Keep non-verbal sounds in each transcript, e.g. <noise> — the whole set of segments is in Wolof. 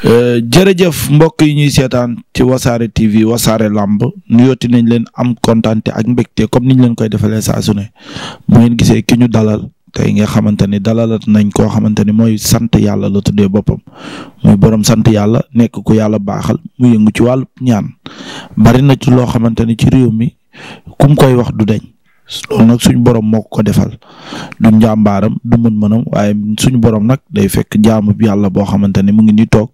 Euh, jërëjëf mbokk yi ñuy seetaan ci wasaare TV wasaare làmb nu yotti nañ leen am kontaan ak mbégte comme niñ leen koy defalee saa su ne bu ngeen gisee ki ñu dalal tey nga xamante ni dalalat nañ koo xamante ni mooy sant yàlla la tuddee boppam muy borom sant yàlla nekk ku yàlla baaxal mu yëngu ci wàllu ñaan bari na ci loo xamante ni ci réew mi kum koy wax du deñ loolu nag suñ boroom moo ko defal du njàmbaaram du mën-mënam waaye suñu borom nag day fekk jaamu yàlla boo xamante ne mu ngi nii toog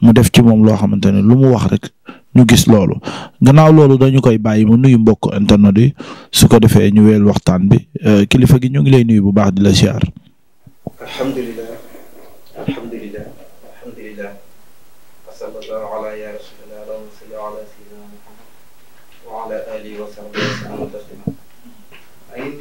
mu def ci moom loo xamante ne lu mu wax rek ñu gis loolu gannaaw loolu dañu koy bàyyi mu nuyu mbokk internet yi su ko defee ñu weel waxtaan bi euh, kilifa gi ñu ngi lay nuyu bu baax di la ziar.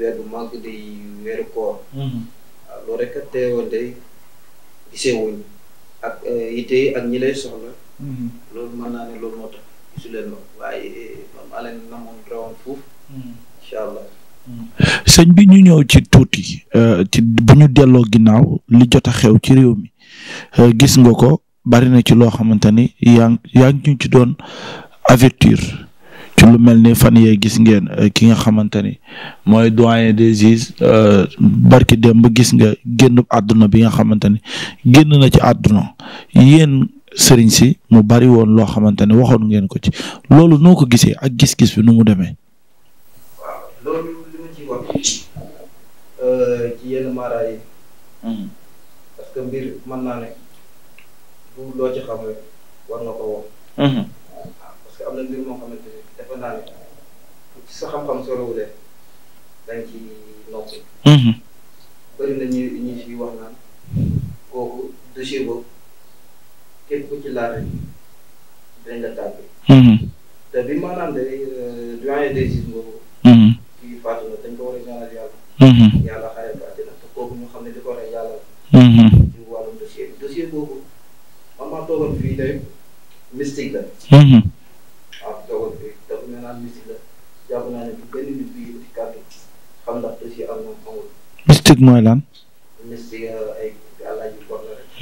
weer hmm. waaw loolu rek a teewal day gisee ak eh, yitte ak ñi lay soxla hmm. loolu mën naa ne loolu moo tax gisu leen ma waaye eh, mam hmm. sëñ bi ñu ñëw ci tuuti eh, bu ñu delloo ginnaaw li jot a xew ci réew mi gis nga ko bari na ci loo xamante ni yaa yaa ngi ñu ci doon avertir lu mel ni fan yee gis ngeen eh, ki nga xamante ni mooy doyen des juges eh, barki dem ba gis nga génn àdduna bi nga xamante ni génn na ci àdduna yéen sëriñ si mu bari woon loo xamante ne waxoon ngeen ko ci loolu noo ko gisee ak gis-gis bi nu mu demee. defe naa ne ci sa xam-xam sorowulee dañ ci noppi. Mhm. bëri na ñu ñu ci wax naan kooku dossier boobu képp ku ci laal rek dañ la tàbbi. Mhm. te bi maanaam de euh, doyen des juges boobu. Mhm. kii faatu na dañ ko war a ñaanal yàlla. yàlla xare ko àddina te kooku ñu xam ne di ko rek yàlla la. ci wàllum dossier bi dossier boobu man maa toogoon fii tey mystique la. naan mystique la jàpp naa ne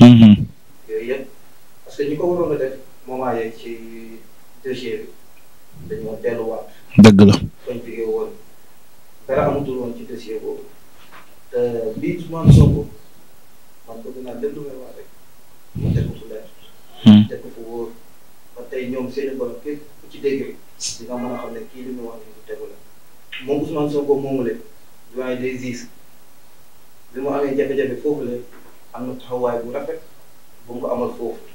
euh, mm-hmm. parce que ñi ko waroon a def moment yeeg ci dossier bi dañoo delluwaat. dëgg la bañ jógee woon dara di nga mën a xam ne kii li muy wax nii lu tegu la moom Ousmane Sonko moomu la doyen des juges li mu amee am na taxawaay bu rafet bu amal foofu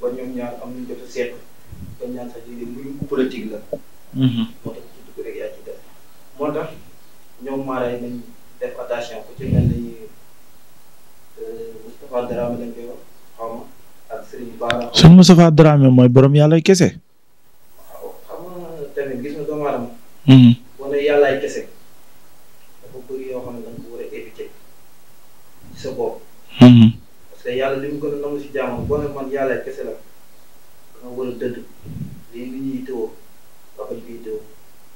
ba ñoom ñaar am nañu jot a seet ba ñaar sax léegi mbirum politique la. Mhm. moo tax ñoom maaraay nañ def attention ku ci euh, mooy borom yàlla kese. Mm. wala yàllaay kese dafa bëri yoo xam ne da nga ko war a éviter ci sa bopp. Mm-hmm. parce que yàlla li mu gën a nangu si jaamu boo man yàllaay la da nga war a dëdd lii li ñuy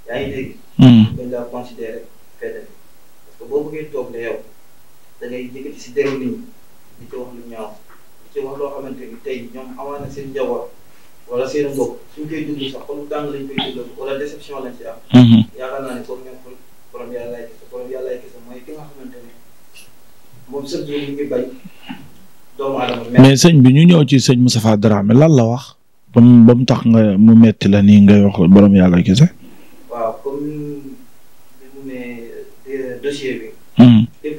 yaa ngi dégg. Mm. dañ laa considéré fenn parce que boo bëggee toog ne yow da ngay yëkkati si deru nit ñi di ci wax lu ñaaw di ci wax loo xamante ni tey ñoom amaana seen njaboot. wala seen mm-hmm. sëñ bi ñu ñëw ci sëñ Moustapha Dramé lan la wax. ba mu ba tax nga mu metti la nii ngay wax borom yàlla gise waaw mu ne dossier bi. Mm-hmm. képp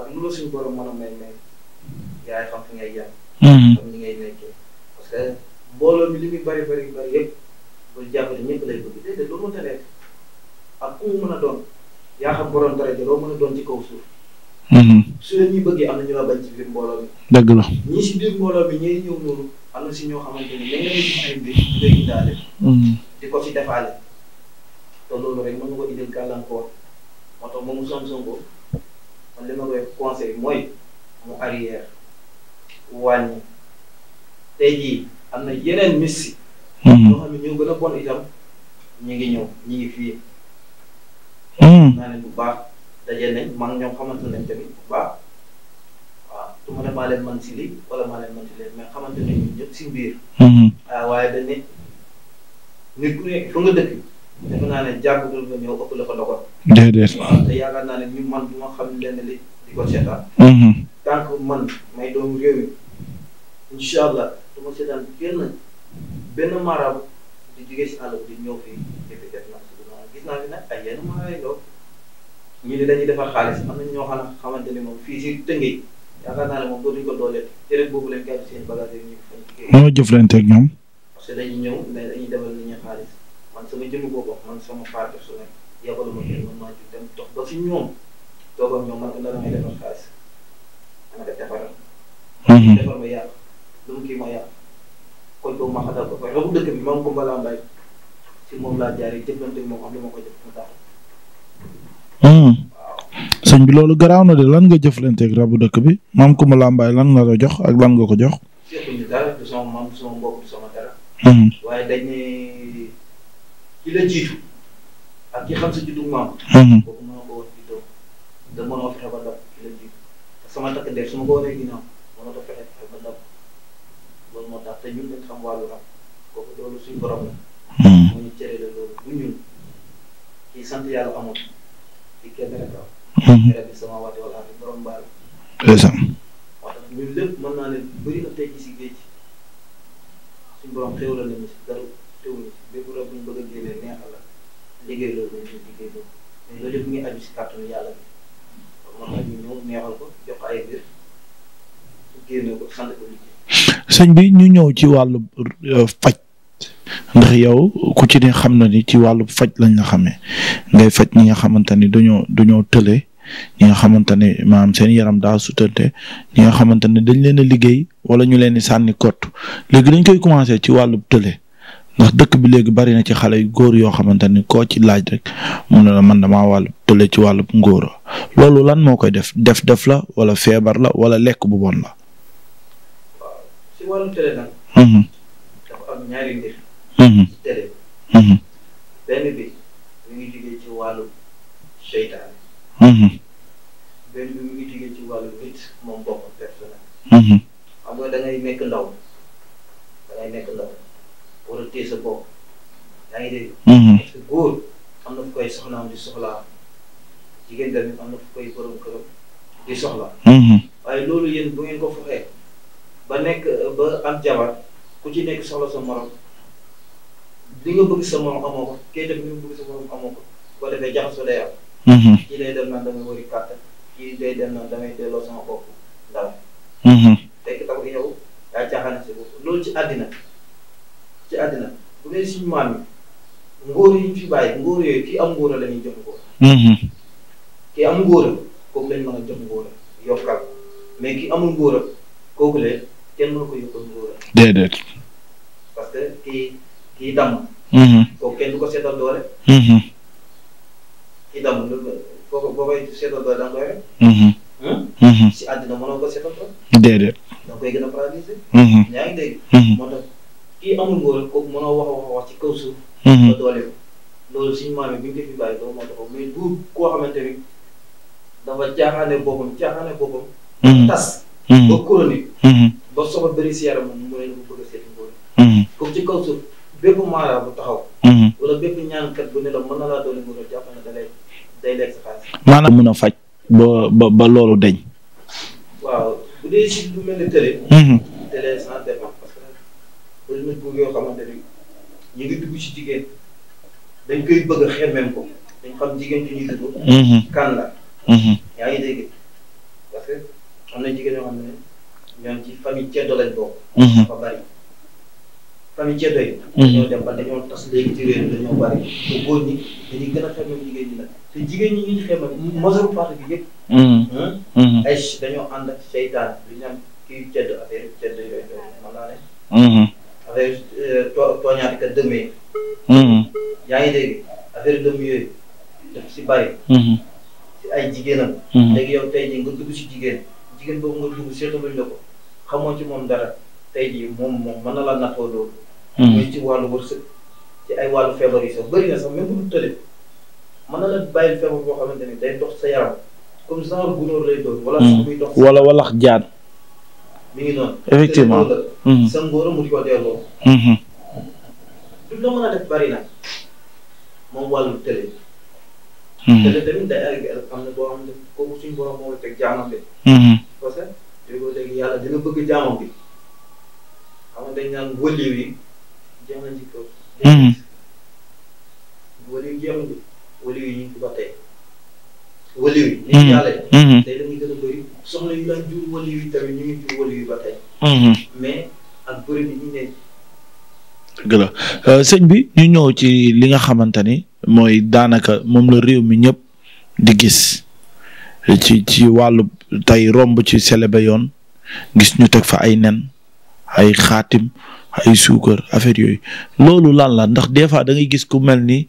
ak lu la suñu borom mën a may may yaay xam fi hmm. parce que mbooloo bi li muy bari bari bari yëpp bul jàpp ne ñëpp lay bëgg déedéet doo mënta nekk ak a doon yaa xam borom daraja doo mën a doon ci kaw suuf. Hmm. su la ñuy bëggee am na ñu la bañ ci biir mbooloo bi. dëgg la ñii si biir mbooloo bi ñooy ñëw noonu am na si ñoo xamante ni léeg-léeg ñu ngi ay mbir ñu koy indaale. Hmm. di ko i defaale te loolu rek mën nga ko indil gàllankoor moo tax moomu ko. kon li ma koy conseil mooy mu arrière wàññi tey jii am na yeneen missi ñoo hmm. xam ne ñoo gën bon itam ñu ngi ñëw ñu ngi fii hmm. naa leen bu baax daje nañ man ñoom xamante nañ tamit bu baax waaw ma ne maa leen man si lii maa leen man si leen mais xamante nañ ñun si biir hmm. ah, ne ku nekk fa nga dëkk defe naa ne jàng dul nga ñëw ëpp la fa loxo. déedéet waaw te yaakaar naa ne ñu man bu ma xam lenn li di ko seetaan. Mm-hmm. tant que man may doomu réew mi incha allah du ma seetaan benn benn marabu di jugee si àll bi di ñëw fii defi def naa si gis naa fi nag ay yenn mara yu ñu ne dañuy defar xaalis am nañ ñoo xam xamante ne moom fii si Tëngéej yaakaar naa ne moom dootuñu ko dooleel jërëjëf boobu lañ gàddu seen bagage yi ñu. moo jëflante ak ñoom. parce que dañuy ñëw mais dañuy defal nit ñi xaalis. man sama jëmm boobu man sama part personnelle yabaluma ma def defaral. defar ma yàlla lu mu kii ma yàlla rabu dëkk bi moom Kumba laa mbay si jëflante moom am na jëf mu tax. Mhm. rabu dëkk bi maam Kumba Lambaay lan la jox ak lan nga ko jox. jëfuñu ki la jiitu ak ki xam sa juddu maam. Mhm. kooku mënoo ko woon jiitoo da mënoo fexe ba dab ki la jiitu te sama takk der su ma ko wanee ginnaaw mënoo ko fexe ba dab loolu moo tax te ñun dañ xam wàllu rab kooku loolu suñu borom la. mu mhm. ñu cere la loolu bu ñun kii sant yàlla amul kii kenn rek am. Mhm. rek bi sama waati wala ak borom mbaal. ndeysaan. moo tax ñun lépp mën naa leen bëri na tey ci si géej suñu borom xéwal nañu si dara xéwal bépp mm-hmm. bi ñu ñëw sëñ bi ñu ñëw ci wàllu euh, faj. ndax yow ku ci ne xam na ni ci wàllu faj lañ la xamee ngay faj ñi nga xamante ni duñoo dañoo tële ñi nga xamante ne maanaam seen yaram daa sutante ñi nga xamante ne dañ leen a liggéey wala ñu leen di sànni kott léegi dañ koy commencé ci wàllu tële ndax dëkk bi léegi bari na ci xale yu góor yoo xamante ni koo ci laaj rek mu ne la man damaa wàll tële ci wàllu ngóor loolu lan moo koy def def def la walla feebar la wala lekk bu bon la. war a téye sa bopp yaa ngi dégg. Mm-hmm. parce que góor am na fu koy soxnaam di soxlaa jigéen tamit am na fu koy borom këram di soxla mm-hmm. waaye loolu yéen bu ngeen ko foxee ba nekk ba am jabar ku ci nekk soxla sa morom li nga bëgg sa morom amoo ko kii def li nga bëgg sa morom amoo ko bu ko defee jaxasoo day am. Mm-hmm. kii lay dem naan damay wari kàttan kii lay dem naan damay delloo sama bopp dara. fekk tax yow yaa caaxaan si bopp ci àddina. ci àddina bu dee suñu maam yi ngóor yi ñu fi bàyyi ngóor yooyu kii am ngóor la ñuy jox ngóor. Mm-hmm. am ngóor kooku lañ mën a jox ngóor yokkal mais kii amul ngóor kooku la kenn mën ko yokkal ngóor. déedéet. parce que kii kii damm. Mm-hmm. kooku kenn du ko seetal doole. Mm-hmm. kii damm boo ko boo koy si àddina mënoo ko seetal doole. déedéet. da nga koy gën a paralyser. yaa ngi dégg. moo kii amul góor kooku mënoo wax wax wax ci kaw suuf. Mhm. ba doole ko loolu suñu maam yi bi ñu ko fi bàyyi loolu moo taxaw mais bu koo xamante ni dafa caaxaane boppam caaxaane boppam. Mhm. tas. Mhm. ba chronique. ba soxla bëri si yaram moom mu ne ñu bëgg a seeti góor. kooku ci kaw suuf bépp maara bu taxaw. wala bépp ñaankat bu ne la mën na laa doole góor a jàpp ne dalay day lekk sa xaalis. maanaam mën a faj ba ba ba loolu deñ. waaw bu dee si lu mel ni télé. télé sans dépend. bëri na góor yoo xamante ni ñu ngi dugg ci jigéen dañ koy bëgg a xemmeem ko dañ xam jigéen ñi ñuy dugg. Mm-hmm. kan la. Mm-hmm. yaa ngi dégg parce que am na jigéen yoo xam ne ñoom ci famille ceddo lañ bokk. Mm-hmm. dafa bari famille ceddo yi. dañoo tas léegi ci réew mi bari te góor ñi dañuy gën a xemmeem jigéen ñi la te jigéen ñi ñuy xemmeem majeure partie bi yëpp. ay dañoo ànd ak seytaan lu ñu naan kii ceddo affaire ceddo yooyu man laa ne. affaire euh, tooñaat ka dëmmee. Mm-hmm. yaa ngi dégg affaire dëmm yooyu daf si bari. Mm-hmm. si ay jigéenam. Mm-hmm. léegi yow tey jii nga dugg si jigéen jigéen boobu nga dugg seetaluñ la ko xamoo ci moom dara tey jii moom moom mën na la nattoo loolu. muy ci wàllu wërsëg ci ay wàllu feebar yi sax bëri na sax même bu dul tële mën na la bàyyi feebar boo xamante ni day dox sa yaram comme a gunóor lay doon. wala sax muy dox wala walax jaan. mi ngi effectivement sa ngóor mu di ko delloo. bari na wàllu télé. télé tamit day boo xam ne kooku suñu borom moo teg jaamam bi. parce que bëgg jaamam dañ naan wëliw mm-hmm. mm-hmm. mm-hmm. euh, bi ñu ñëw ci li nga xamante ni mooy daanaka moom la réew mi ñëpp di gis ci ci wàllu tey romb ci selebe yoon gis ñu teg fa ay nen ay xaatim ay suukar affaire yooyu loolu lan la ndax des fois gis ku mel ni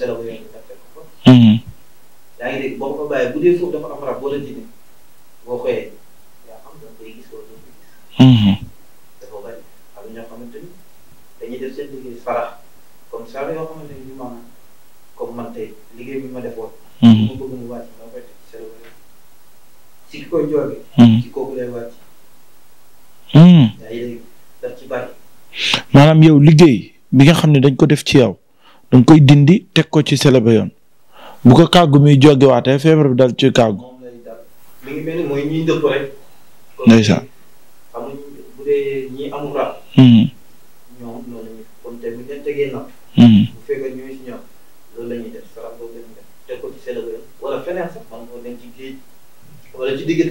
selaw yooyu nga fekk ko hmm. ñoo xamante ni yoo xamante ni ma defoon hmm. mu hmm. yow liggéey bi nga xam ne dañ ko def ci yow danga koy dindi teg ko ci sele ba yoon bu ko kàggu muy jógewaatee feebar bi dal ci kàggu. ndeysaan. Hmm. Hmm. wala ci digg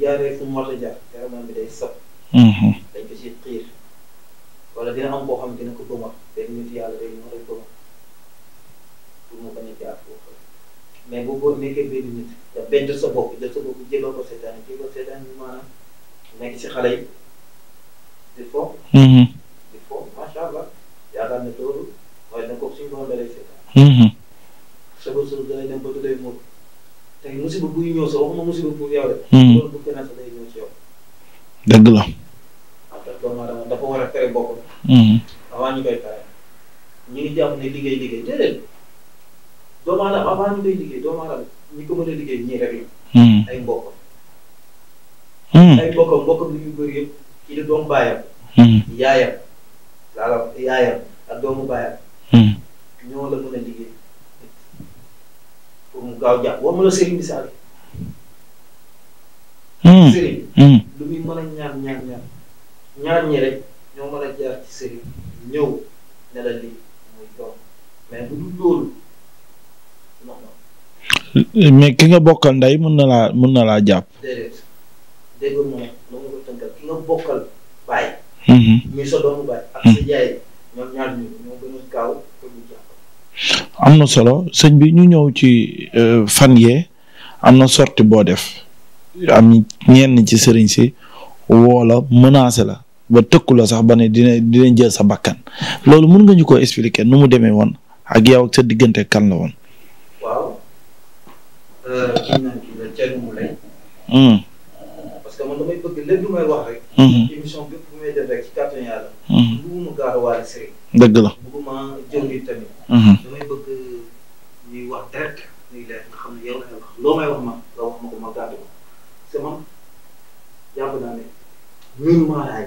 jaaree fu mu war a jaar yaramam bi day sab mhm. dañ ko ci xiir wala boo xam dina ko bëma benn nit yàlla day ñëw rek bëma pour mu bañ a jaar foofu mais bu boo nekkee benn nit da benn sa bopp jël sa bopp jégal ko seetaan jégal seetaan bi maanaam nekk ci xale yi di fo fo macha allah yaakaar ne loolu waaye na ko suñu borom da lay seetaan sago suñu da lay dem lay muur tey musiba buy ñëw sa waxuma musiba bu yow rek. loolu bu gën a day ñëw ci yow. dëgg la. doomu aadama dafa war a tere boppam. Hmm. avant ñu koy pare ñu ngi jàpp ne liggéey liggéey déedéet doomu aadama avant ñu koy liggéey doomu aadama ñi ko mën a liggéey ñii rek la. Hmm. ay mbokkam. Hmm. ay mbokkam mbokkam li ñu bëri yëpp ci la doomu baayam. yaayam laala yaayam ak doomu baayam. ñoo la mën a liggéey. pour mu hmm. Hmm. a ñaar ñaar ñaar ñaar ñi rek ñoo mën a bokkal ndey mën na laa mën na laa jàpp. déedéet dégg am na solo sëñ bi ñu ñëw ci euh, fan yee am na sorti boo def am ñenn ci sëriñ si woo la la ba tëkku sax ba ne dina dina jël sa bakkan loolu mën nga ñu ko expliquer nu mu demee woon ak yow ak sa diggante kan la woon. waaw. Euh, dëgg la bëgguma jëndi tamit. Mhm. damay bëgg ñuy wax direct ñuy leer nga xam ne yow laay wax loo may wax ma nga wax ma ko ma gàddu ko c'est man jàpp naa ne ñun maa laay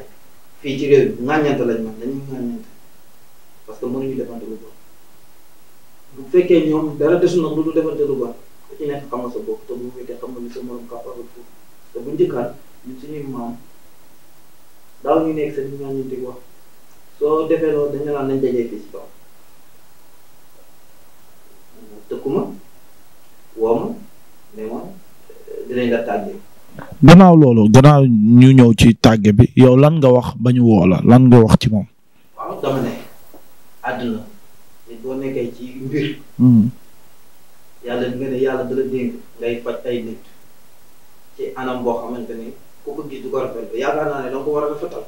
fii ci réew mi ŋàññante lañ man dañuy ŋàññante parce que mënuñu defante lu bon bu fekkee ñoom dara desul nag lu dul defante lu bon ku ci nekk xam nga sa bopp te bu mu weetee xam nga ni sa morom capable foofu te bu njëkkaan ñun suñuy maam daaw ñu nekk seen ŋàññante wax. soo defee loolu dañu naan nañ dajee fii si kaw tëkkuma wooma mais moom eh, dinañ la tàggee gannaaw loolu gannaaw ñu ñëw ci tàgge bi yow lan nga wax ba ñu lan nga wax ci moom waaw dama ne àdduna nit boo nekkee ci mbir hmm. yàlla di nga ne yàlla da la ngay faj ay nit ci anam boo xamante ni ku ko gis du ko rafetlu yaakaar naa ne danga ko war a rafetal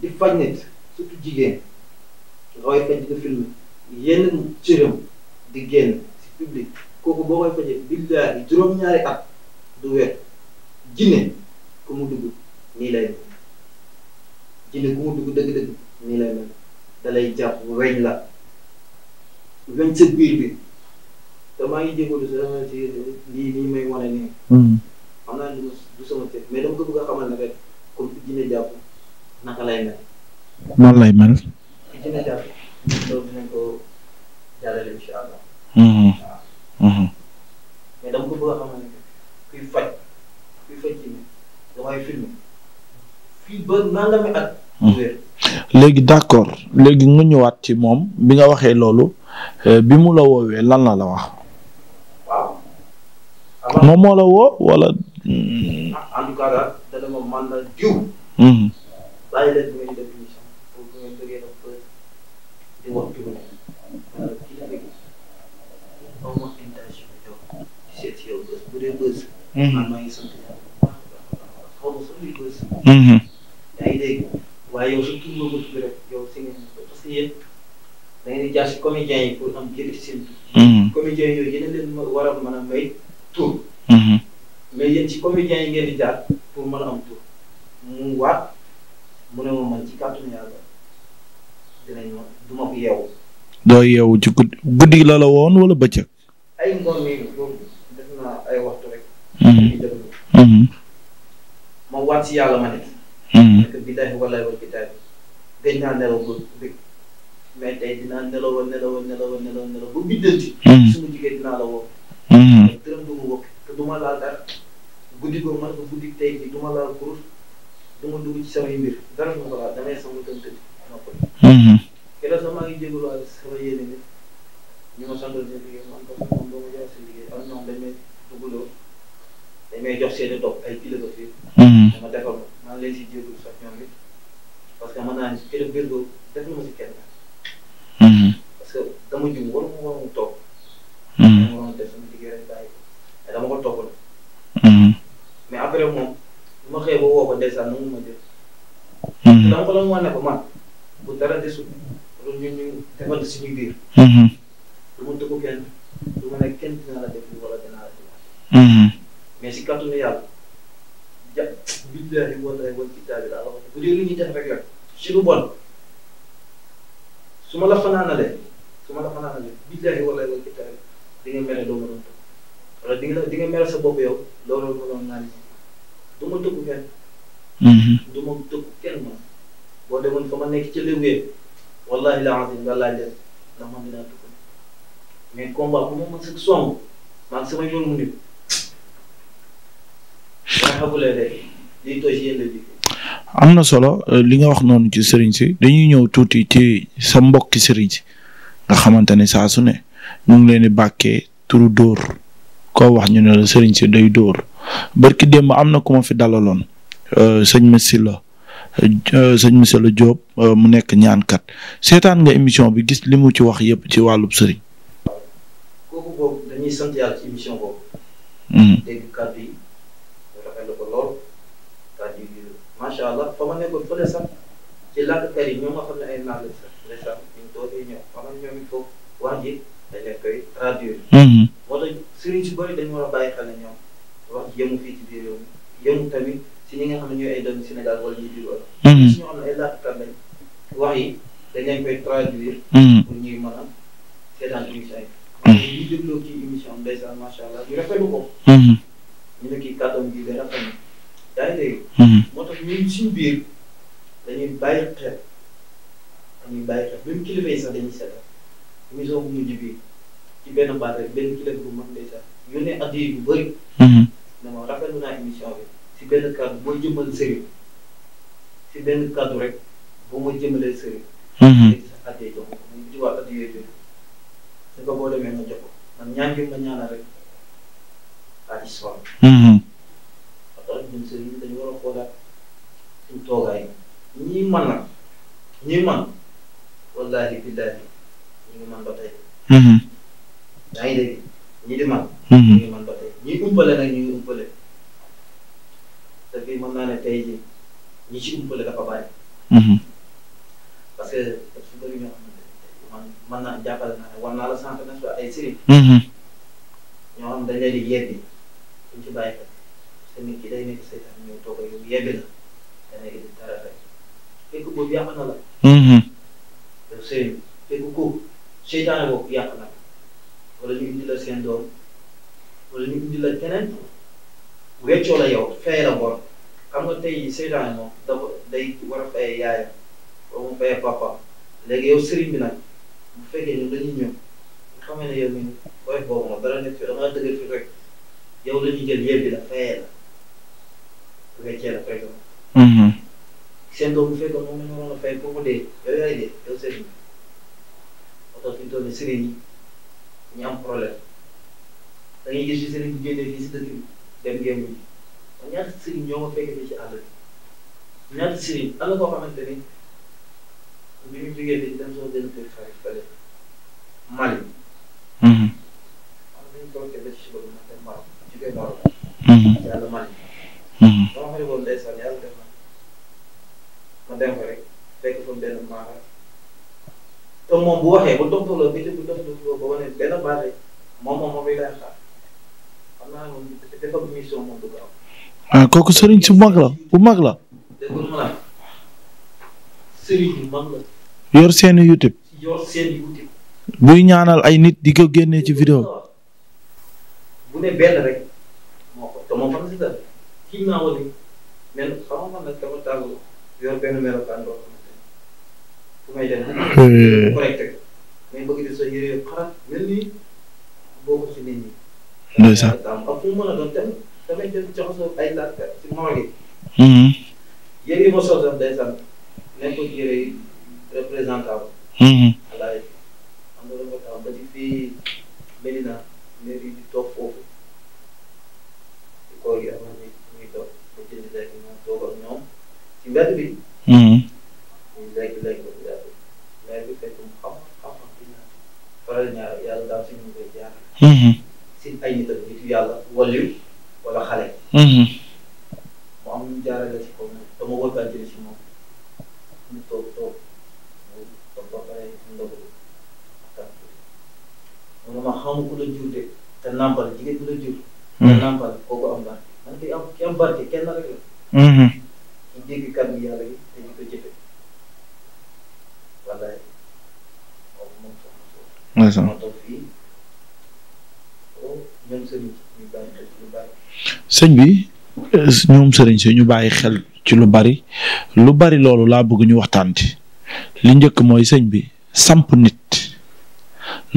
di faj nit surtout jigéen nga koy faj nga film yenn cëram di génn si public kooku boo koy fajee billaahi juróom-ñaari at du wér jinne ku mu dugg nii lay mel jinne ku mu dugg dëgg-dëgg nii lay mel da lay jàpp weñ la weñ sa biir bi damaa ngi jégalu si dama ci lii nii may wane nii. Hmm. xam naa ne du sama cër mais dama ko bëgg a xamal ne rek comme jinne jàpp naka lay mel. noonu lay mel. Mm-hmm. Mm-hmm. mais dama ko mm-hmm. léegi d'accord léegi nga ñëwaat ci moom bi nga waxee loolu euh, bi mu la woowee lan la la wax. moom moo la woo wala. waxtu bi ci la nga gis xaw ma intention yow di seet si yow bës bu dee bës. man maa ngi sant yàlla bu baax a baax a xaw ma sax luy bës. yaa ngi dégg waaye yow suñ tur nga ko rek yow si ngeen parce que yéen da ngeen di jaar si comédien yi pour am jëli seen tur. comédien yooyu yéen a leen war a mën a may tur. mais yéen ci comédien yi ngeen di jaar pour mën a am tur mu waat mu ne ma man ci kàttanu yàlla. dinañu du ma ko yeewu. doo yeewu ci guddi guddi la la woon wala bëccëg. ay ngoon mi boobu def naa ay waxtu rek. ñu mhm. déglu. Mhm. ma waat si yàlla ma ne. nekk mhm. billaahi wallaahi wal kitaabi gëj naa nelaw ba bëgg mais tey dinaa nelaw nelaw nelaw nelaw nelaw ba biddanti. suma jigéen dinaa la woo. dërëm du ma wokk te du ma laal dara guddi googu man guddi tey bi du ma laal kurus du ma dugg ci samay mbir dara du ma ko laal damay sama gën tëdd ma ko. la sax maa ngi jégalu waa sama yéene bi ñu ma santoon seen liggéey man ah, parce que moom doo ma jox seen liggéey am ñoom dañ may dugaloo dañ may jox seen i topp ay kilo ba fii. dama defal ko maa ngi leen si jégalu sax ñoom it parce que mën naa ne kilo biir boobu ma si kenn. parce que dama jiw waru ma waroon toog. dama waroon def sama liggéey rek bàyyi ko mais dama ko topp la. mais après moom bu ma xëyee ma jël. dama ko loolu ñun ñu defal ko suñuy biir. Mm-hmm. du ma dugg kenn du ma ne kenn dinaa la def wala dinaa la def. Mm-hmm. mais si kàttanu yàlla ja billaahi wallaahi wal kitaabi laa wax bu dee lu ñuy def rek la si lu bon su ma la fanaanalee su ma la fanaanalee billaahi wallaahi wal kitaabi di nga mere doo mënoon toog wala di nga di nga mere sa bopp yow loolu la mënoon naa du ma dugg kenn. Mm-hmm. du ma dugg kenn ma boo demoon fa ma nekk ca léeg wallahi am na solo euh, li nga wax noonu ci sëriñ si dañuy ñëw tuuti ci sa mbokki sëriñ si nga xamante ne saa su ne ñu ngi leen di bàkkee turu dóor koo wax ñu ne la sëriñ si day dóor barki démb am na ku fi dalaloon euh, sëñ Messi la Euh, sëñ monsieur le Diop euh, mu nekk ñaankat seetaan nga émission bi gis li mu ci wax yëpp ci wàllub sëriñ. kooku boobu dañuy sant ci émission boobu. Mm-hmm. dégg kàddu yi rafetlu ko lool allah fa ma nekkoon fële sax ci làkkat yi ñoo nga xam ne naan lañ sax les gens ñu dootee ñëw xam nga ñoom il faut wax ji dañ leen koy traduire. Mm-hmm. moo tax sëriñ si bëri dañu war a bàyyi xel ne ñoom wax yëngu fii ci biir yow yëngu tamit. si ñi nga xam ne ñooy ay doomi Sénégal wala ñuy biir wala si mm-hmm. ñoo xam ne ay laajkat lañ wax yi dañ leen koy traduire mm-hmm. pour ñuy mën a seetaan émission yi mm-hmm. ñu dégloo kii émission ndeysaan macha allah ñu rafetlu ko ñu ne kii kàddoom bi day rafetlu yaa ngi dégg moo tax ñun suñu biir dañuy bàyyi xel dañuy bàyyi xel même kilifa yi sax dañuy seetal émission bu mujj bi ci benn baat rek benn kilifa bu mag ndeysaan yónnee addiya yu bëri dama rafetlu naa émission bi si benn kàddu boo jëmal sëriñ si benn kàddu rek boo ma jëmalee sëriñ. léegi mhm. sa àddee jox ko mu ci waa àddee yooyu ne ko boo demee ma jox ko man ñaan gi ma ñaanal rek à histoire. parce que ñun sëriñ dañu war a xoolaat suñ toogaay ñi man nag ñi man wallaahi billaahi ñu ngi man ba tey. Mhm. yaa ngi dégg ñi di man. Mhm. ñu ngi man ba tey ñi umpale nag ñu ngi umpale. te fii mën naa ne tey jii ñi ci umpale dafa bari. Mhm. parce que dafa bëri man mën naa jàppale naa ne war la sant na su ay sëriñ. Mhm. ñoo xam dañ yebbi duñ ci bàyyi xel ki day nekk seytaan ñëw toog ak yebbi la da ngay indi dara rek fekk boobu yàq na la. Mhm. yow sëriñ fekk ko seytaane boobu yàq na la wala ñu indi la seen doom wala ñu indi la keneen. weccoo la yow fay la bor xam nga tey seytaane moom dafa day war a fay yaayam ba mu fay papa léegi yow sëriñ bi nag bu fekkee ñun dañuy ñëw nga xam ne yow mii koy boobu moom dara nekk fi da ngaa dëgër fi rek yow la ñuy jël yebbi la fayee la weccee la fay ko. seen doom bu fekkoon moom la ñu waroon a fay kooku dee i yaay dee yow sëriñ bi moo tax fi mu toll nii sëriñ yi ñu am problème da ngay gis si sëriñ bi génnee fii si dëkk bi. dem ngeen ñu ñaata sëriñ ñoo ma fekkee ci àll bi ñaata sëriñ am na koo xamante ni bi ñu jógee di dem soo jënd kër xarit fële Mali. Mhm. am nañu toog ba ci suba bi man dem Maroc jógee Maroc. yàlla mhm. Mali. sama mhm. xarit boobu ndeysaan yàlla def na ma dem ko rek fekk fa benn maara te moom bu waxee bu doxuloo bi bu doxuloo ba wane benn baat rek moom moom moom lay xaar xam naa moom ah kooku sëriñ si mag la bu mag la. yor seeni YouTube. buy ñaanal ay nit di ko génnee ci vidéo. bu eh. eh. ndeysaan. yéen yi ma soxla na dafa taw ba ci fii Medina mbir yi gi am na ñu ñuy toog ba jënd lekk ñoom toog ak ñoom ci mbedd bi. ñu lekk lekk ba ci yàlla mais bi fekk mu si ay nitam nitu yàlla waliw wala xale. Mm-hmm. mu am ñu jaarale si kaw nag dama wër bàjj si moom mu toog toog mu toog ba pare ndogu mu ne ma xamu ku la jur de te nàmpal jigéen ku la jur. te mm-hmm. nàmpal kooku am barke man ki am ki am barke kenn rek la. ci mm-hmm. dégg kàddu yàlla yi te ñu ko jëfe wallaay moom moom soxna soxna. sëñ bi ñoom sëriñ si ñu bàyyi xel ci lu bari lu bari loolu laa bëgg ñu waxtaan ci li njëkk mooy sëñ bi samp nit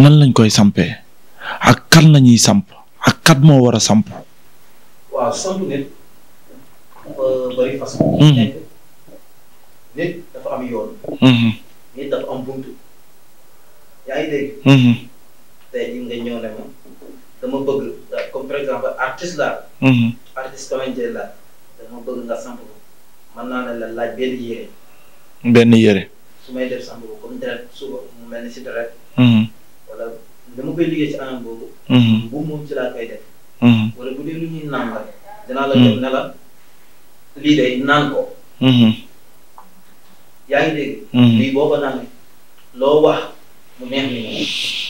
nan lañ koy sampee ak kan la samp ak kat moo war a samp. Euh, dama bëgg euh, comme par exemple artiste laa. Mm-hmm. artiste comédien laa dama bëgg nga samp ko mën naa ne la laaj benn yére. benn yére. su may def samp ko comme deret suba mu mel ni si deret. Mm-hmm. wala dama koy liggéey ci anam boobu. Mm-hmm. bu moom ci laa koy def. wala la. dinaa la jox la lii day naan ko. yaa ngi dégg. lii boo ko naanee loo wax mu neex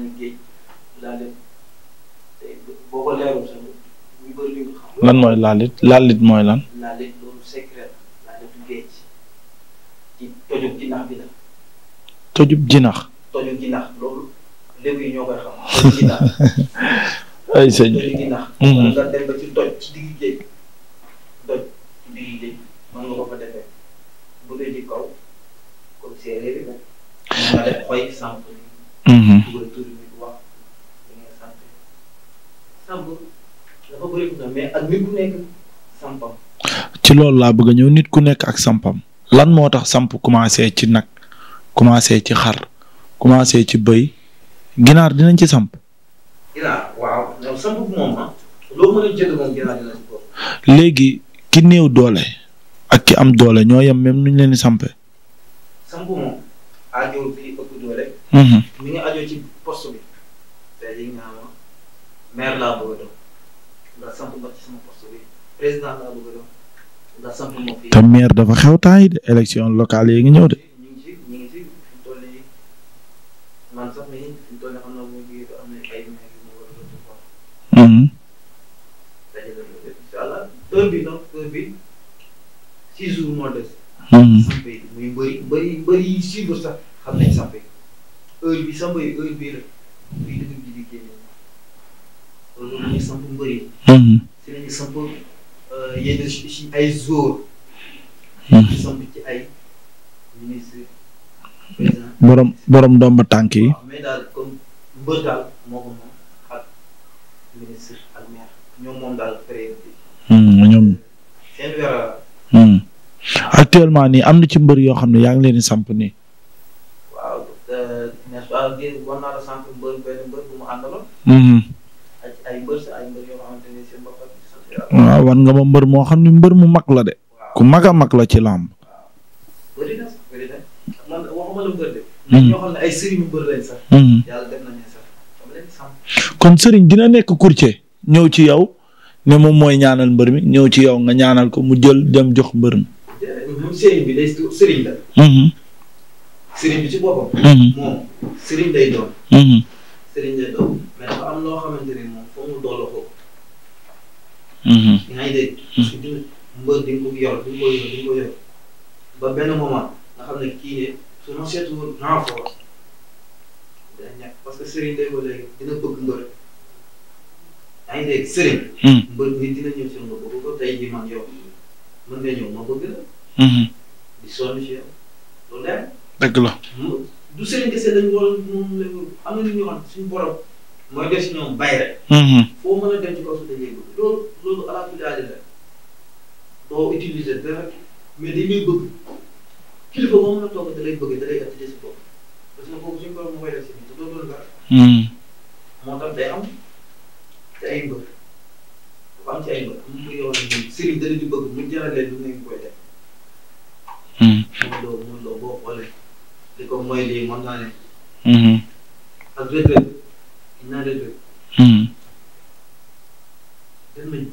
naanee géej laalit tey lan mooy laalit laalit mooy lan. tojub jinax la. tojub jinax. tojub jinax loolu léegi yi ñoo koy xam <laughs> tojub jinax. ay sëñ mm-hmm. ci digg géej dugal mm-hmm. ci loolu laa bëgg a ñëw nit ku nekk ak sampam lan moo tax samp commencé ci nag commencé ci xar commencé ci bëy ginaar dinañ ci samp. waaw léegi ki néew doole ak ki am doole ñoo yem même nu ñu leen di sampee. mi mhm. ngi ajoo maire dafa xew temps de élection locale yi ngi ñëw de. ñu ngi ci heure bi samp yi mhm. euh, mhm. borom borom ndomba tànk yi. Mhm, actuellement nii am na ci mbër yoo xam ne yaa ngi leen di samp nii. Euh, n'est-ce ah, mhm. pas waaw wan nga ma mbër moo xam ne mbër mu mag la de. ku mag a mag la ci làmb. bëri mhm. sëriñ mhm. kon sëriñ dina nekk kurce ñëw ci yow ne moom mooy ñaanal mbër mi ñëw ci yow nga ñaanal ko mu jël dem jox mbër mi. moom sëriñ bi ci boppam. Mhm. moom sëriñ day doon. Mhm. sëriñ day doon am loo xamante ni moom foo mu doole ko. Mhm. yaa ngi dégg. parce du mbër di nga ko di nga ko di nga ko ba benn moment nga xam ne kii de su ma seetu renfort dina ñàkk parce que sëriñ day ko léegi dina bëgg mbër. yaa ngi dégg sëriñ. mbër nit dina ñëw si nga bëgg ko tey jii man yow mën nga ñëw ma bëgg la. di sonn si yow loolu dëgg la. Hmm? du sëriñ kese dañu war moom lañu am na lu ñu wax suñu borom. mooy def si ñoom bay rek. Hmm. foo mën a dem ci kaw si dañuy bëgg loolu loolu alhamdulilah doo utiliser dara mais dañuy bëgg kilifa boo mën a toog da lay bëgg da lay attiré si bopp parce que kooku suñu borom moo koy def si te doo doon dara. Hmm. moo tax day am te ay mbëgg dafa am ci ay mbëgg mu ngi yow la ñun sëriñ da leen di bëgg mu jaralee lu nekk koy def. moom loo moom loo boo xoolee. te comme mooy lii mën mm-hmm. mm-hmm.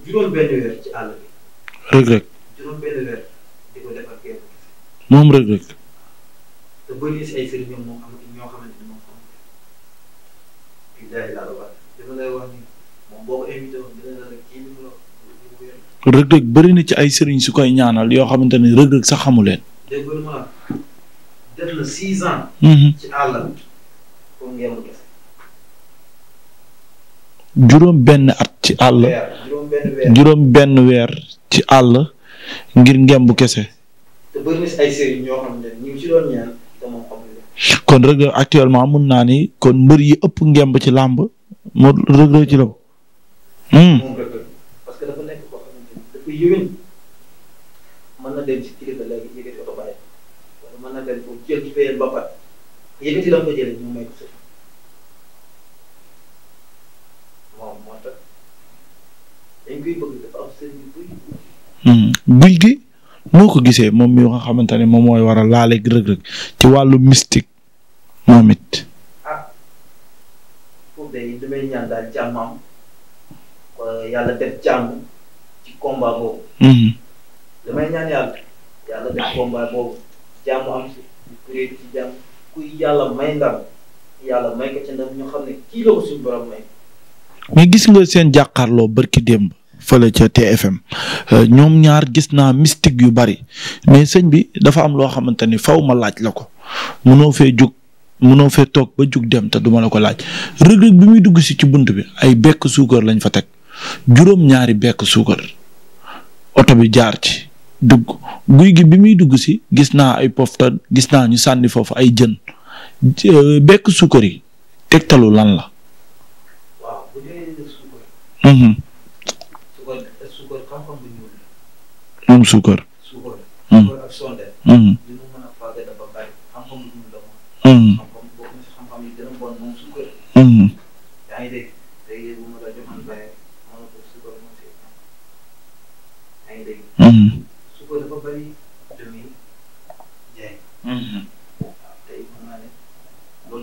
ci moom Reug Reug. ay sëriñam moo xam moom xam nga. billaahi laa wax ci ay sëriñ su koy ñaanal yoo xamante ni Reug sax xamu Mhm. def juróom benn at ci àll. juróom benn weer ci àll ngir ngemb kese. te kon Reug actuellement mun naa ni kon mbër yi ëpp ngemb ci làmb moo Reug ci la hmm. ko. jël ci payal ko jëlee ñu may hmm. gisee moom mi xamante ne moom mooy war a laaleeg rëg-rëg ci wàllu mystique moom it. ah foofu réer mais gis nga seen jàqarloo barki démb fële ca TFM euh, ñoom ñaar gis naa mystique yu bari mais sëñ bi dafa am loo xamante ni faw ma laaj la ko munoo fee jug munoo fee toog ba jóg dem te duma la ko laaj Reug Reug bi muy dugg si ci bunt bi ay bekk suukar lañ fa teg juróom ñaari bekk suukar oto bi jaar ci. dugg guy gi bi muy dugg si gis naa ay poftan gis naa ñu sànni foofu ay jën euh, bekk suukar yi tegtalu lan la. waaw bu dee mm-hmm. moom suukar. Mm-hmm.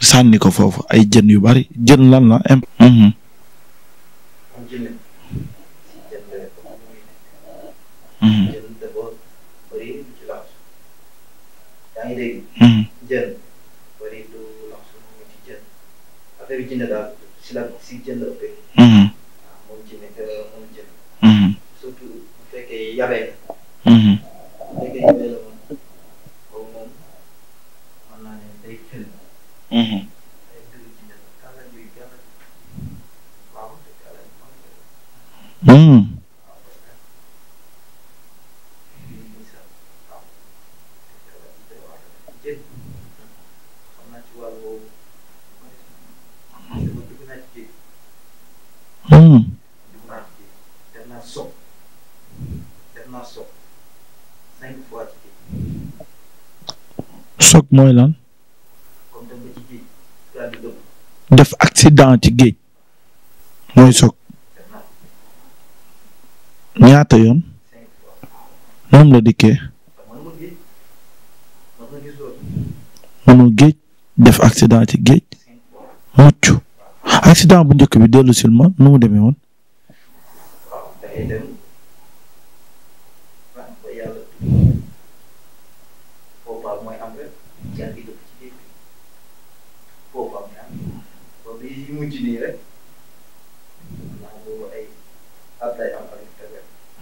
sànni ko foofu ay jën yu bari jën lan la imp. Mhm. Mhm. Mhm. surtout bu fekkee yabee. soog mm-hmm. mm. mm. mooy lan def accident ci géej mooy soog ñaata yoon moom la dikkee mënul géej def accident ci géej mucc accident bu njëkk bi dellu silma nu mu demee woon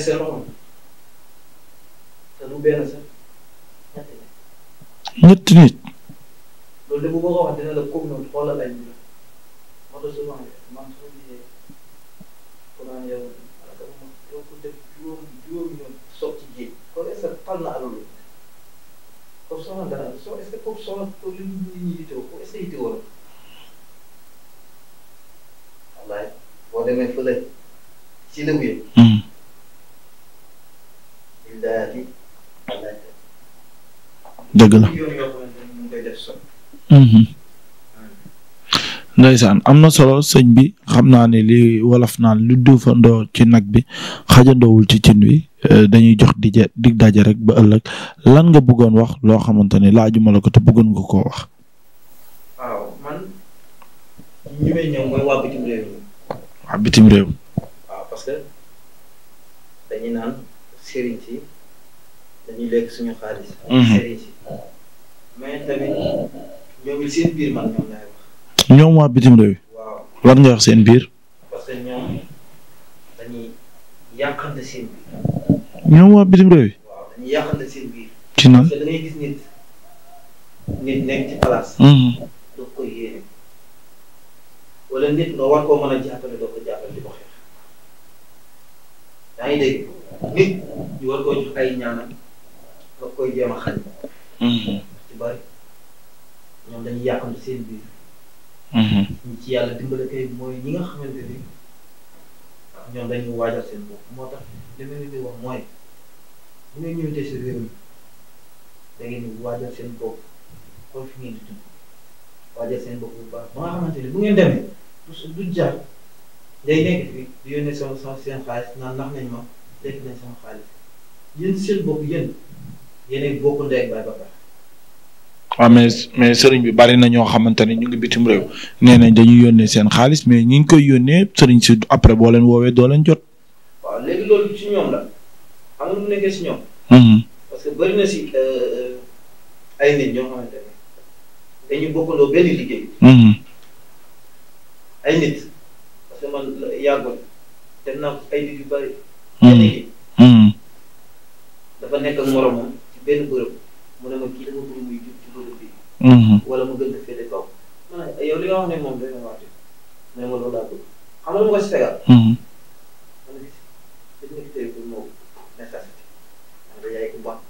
teg seen loxo te du benn sax ñetti nit. loolu de bu ko wax dina la kooku noonu xoolal ay mbir moo tax souvent man su ma gisee ku naan yow alaka ma yow ku def juróom juróomi ñoom soog ci géej kon est-ce que tal na alalu kooku soxla dara so est-ce que kooku soxla ko li ñu yitewoo ko est-ce que yitewoo la wallaay boo demee fële ci lëbu yi hmm. dëgg la. Mhm. am na solo sëñ bi xam naa ni li wolof naan lu duufandoo ci nag bi xajandoowul ci cin wi e, dañuy jox di dig daje rek ba ëllëg lan nga bëggoon wax loo xamante ne laajuma la ko te bëggoon nga koo wax. réew. dañuy lekk suñu xaalis. Mhm. mais tamit ñoom it seen biir ñoom laay wax. waa bitim réew. waaw lan nga wax seen biir. parce ñoom dañuy yàqante seen biir. ñoom waa bitim réew. waaw dañuy yàqante seen biir. ci nan gis nit nit nekk ci place. Mhm. doo wala nit nga war nga ko jéem a xañ. Mm-hmm. ci bari ñoom dañuy yàqam seen biir. Mm-hmm. ñu ci yàlla di kay mooy ñi nga xamante ni ñoom dañuy waajal seen bopp moo tax li ma leen di wax mooy bu ngeen ñëwee di waajal seen bopp kon fi ngeen di dugg waajal seen bopp bu baax ba nga xamante ni bu ngeen demee du du jaar day nekk fii seen xaalis naan ndax nañ ma lekk xaalis yéen seen bopp yéen. yéen a bokk ndey ak waaw mais mais sëriñ bi bari na ñoo xamante ne ñu ngi bitim réew nee nañ dañuy yónnee seen xaalis mais ñi ngi koy yónnee sëriñ si après boo leen woowee doo leen jot. waaw léegi loolu ci ñoom la xam nga mu nekkee si ñoom. Mm-hmm. parce que bari na si euh, ay nit ñoo xamante ne dañuy bokkandoo benn liggéey. Mm-hmm. ay nit mm-hmm. dafa nekk ak moromam. benn bërëb mu ne ma kii dama bëgg muy jub ci bërëb bi. Mhm. wala mu gën a féete kaw. ma ne yow li nga wax ne moom dafay waati mu ne ma loolu laa bëgg xam nga lu ma ko si tegal. Mhm. ma ne gis nga gis nga moom nécessité ma ne ko yaay ku baax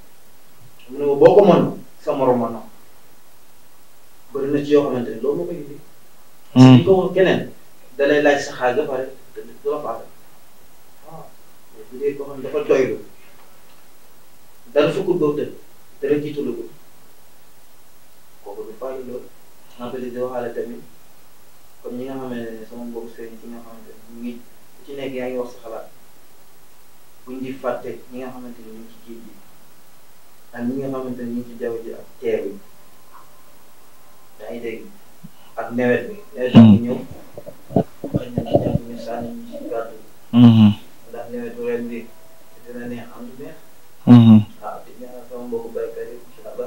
mu ne ma boo ko mën sa morom mën na bëri na ci yoo xamante ne loolu moo koy indi. parce que ñu mhm. ko woon keneen da lay laaj sa xaalis ba pare te du la faata waaw bu dee koo xam dafa doylu dara fukkut boobu dëgg dara jiitalu ko kooku du faalu loolu maa ngi di waxaale tamit comme ñi nga xam ne sama mbokku sëriñ ci nga xamante ne ñu ngi ku ci nekk yaa ngi wax sa xalaat buñ di fàtte ñi nga xamante ne ñu ngi ci géej gi ak ñi nga xamante ne ñu ngi ci jaww ji ak teer bi yaa ngi dégg ak nawet bi. nawet bi ñëw xëy na ñu jàpp ñu sànni ñu ci gàddu. Mm-hmm. ndax nawet bu ren bi dina neex am du neex. Mm-hmm. sama mbokku béykat yi ci na ba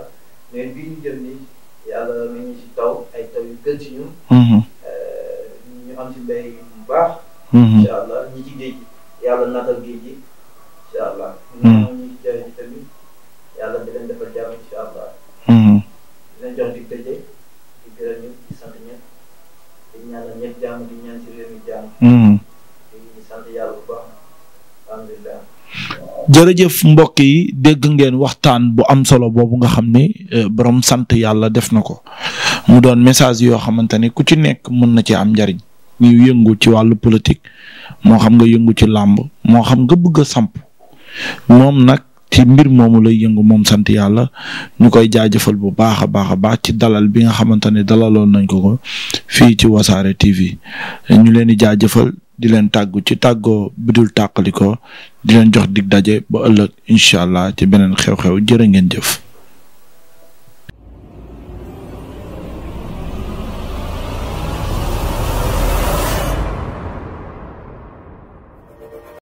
mais bii ñu jëm nii yàlla ci taw ay taw yu gën ci ñun. Mm-hmm. Euh, ñu am ci mbéy yu baax. Mm-hmm. incha allah ñi ci géej gi yàlla natal géej gi incha mm-hmm. ñu ci jëriñ tamit yàlla di leen defal jàmm incha allah. dinañ jox di gërëm ñëpp di sant ñëpp di ñaanal ñëpp jàmm di ñaan ci réew mi jàmm. jërëjëf mbokk yi dégg ngeen waxtaan bu am solo boobu nga xam ne euh, borom sant yàlla def na ko mu doon message yoo xamante ne ku ci nekk mën na ci am njariñ ñu yëngu ci wàllu politique moo xam nga yëngu ci làmb moo xam nga bëgg a samp moom nag ci mbir moomu lay yëngu moom sant yàlla ñu koy jaajëfal bu baax a baax a baax ci dalal bi nga xamante ne dalaloon nañ ko ko fii ci wasaare TV ñu leen di jaajëfal di leen tàggu ci tàggoo bi dul tàqaliko di leen jox dig daje ba ëllëg incha allah ci beneen xew-xew jërë ngeen jëf